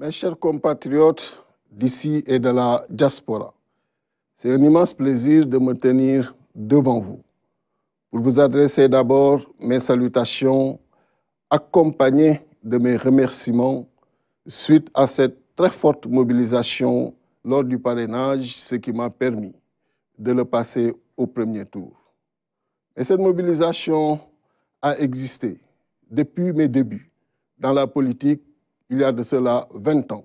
Mes chers compatriotes d'ici et de la diaspora, c'est un immense plaisir de me tenir devant vous pour vous adresser d'abord mes salutations accompagnées de mes remerciements suite à cette très forte mobilisation lors du parrainage, ce qui m'a permis de le passer au premier tour. Et cette mobilisation a existé depuis mes débuts dans la politique il y a de cela 20 ans.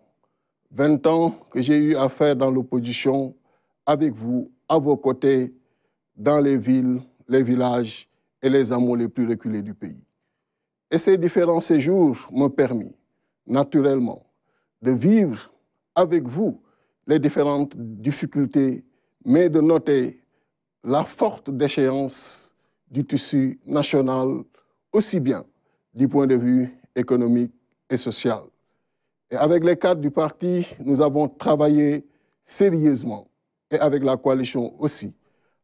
vingt ans que j'ai eu à faire dans l'opposition avec vous, à vos côtés, dans les villes, les villages et les hameaux les plus reculés du pays. Et ces différents séjours m'ont permis, naturellement, de vivre avec vous les différentes difficultés, mais de noter la forte déchéance du tissu national, aussi bien du point de vue économique et social. Et avec les cadres du parti, nous avons travaillé sérieusement, et avec la coalition aussi,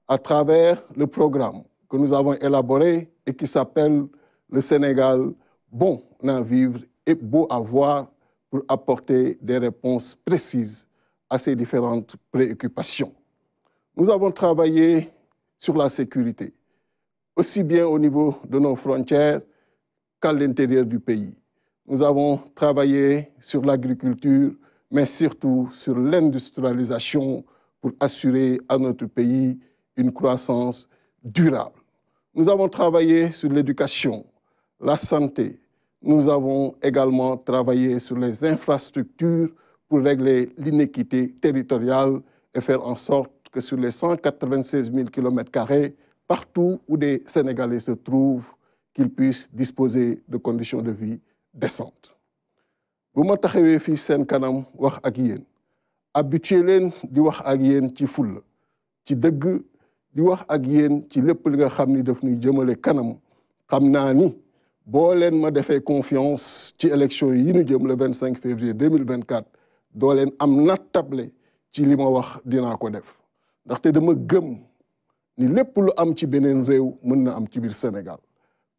à travers le programme que nous avons élaboré et qui s'appelle le Sénégal bon à vivre et beau à voir pour apporter des réponses précises à ces différentes préoccupations. Nous avons travaillé sur la sécurité, aussi bien au niveau de nos frontières qu'à l'intérieur du pays. Nous avons travaillé sur l'agriculture, mais surtout sur l'industrialisation pour assurer à notre pays une croissance durable. Nous avons travaillé sur l'éducation, la santé. Nous avons également travaillé sur les infrastructures pour régler l'inéquité territoriale et faire en sorte que sur les 196 000 km2, partout où des Sénégalais se trouvent, qu'ils puissent disposer de conditions de vie décente bu ma taxawee fii seen kanam wax ak yéen habitué leen di wax ak yéen ci fulla ci dëgg di wax ak yéen ci lépp li nga xam ni daf ñuy jëmale kanam xam naa ni boo leen ma defee confiance ci élection yi ñu jëmale le vingt cinq février deux mille vingt quatre doo leen am nattable ci li ma wax dinaa ko def ndaxte dama gëm ni lépp lu am ci beneen réew mën na am ci biir Sénégal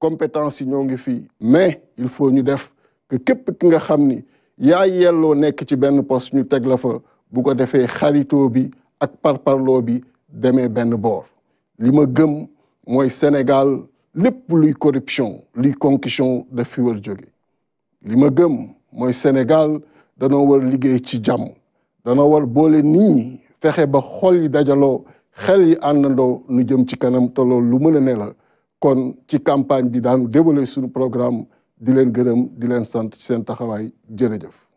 compétence yi ñoo ngi fii mais il faut ñu def que képp ki nga xam ni yaa yelloo nekk ci benn poste ñu teg fa bu ko defee xaritoo bi ak parparloo bi demee benn boor li ma gëm mooy Sénégal lépp luy corruption luy concussion daf fi war jóge li ma gëm mooy Sénégal danoo war liggéey ci jàmm danoo war boole nit fexe ba xol yi dajaloo xel yi àndandoo nu jëm ci kanam te lu mën a ne kon ci campagne bi daanu développer suñu programme di leen gërëm di leen sant seen taxawaay jërëjëf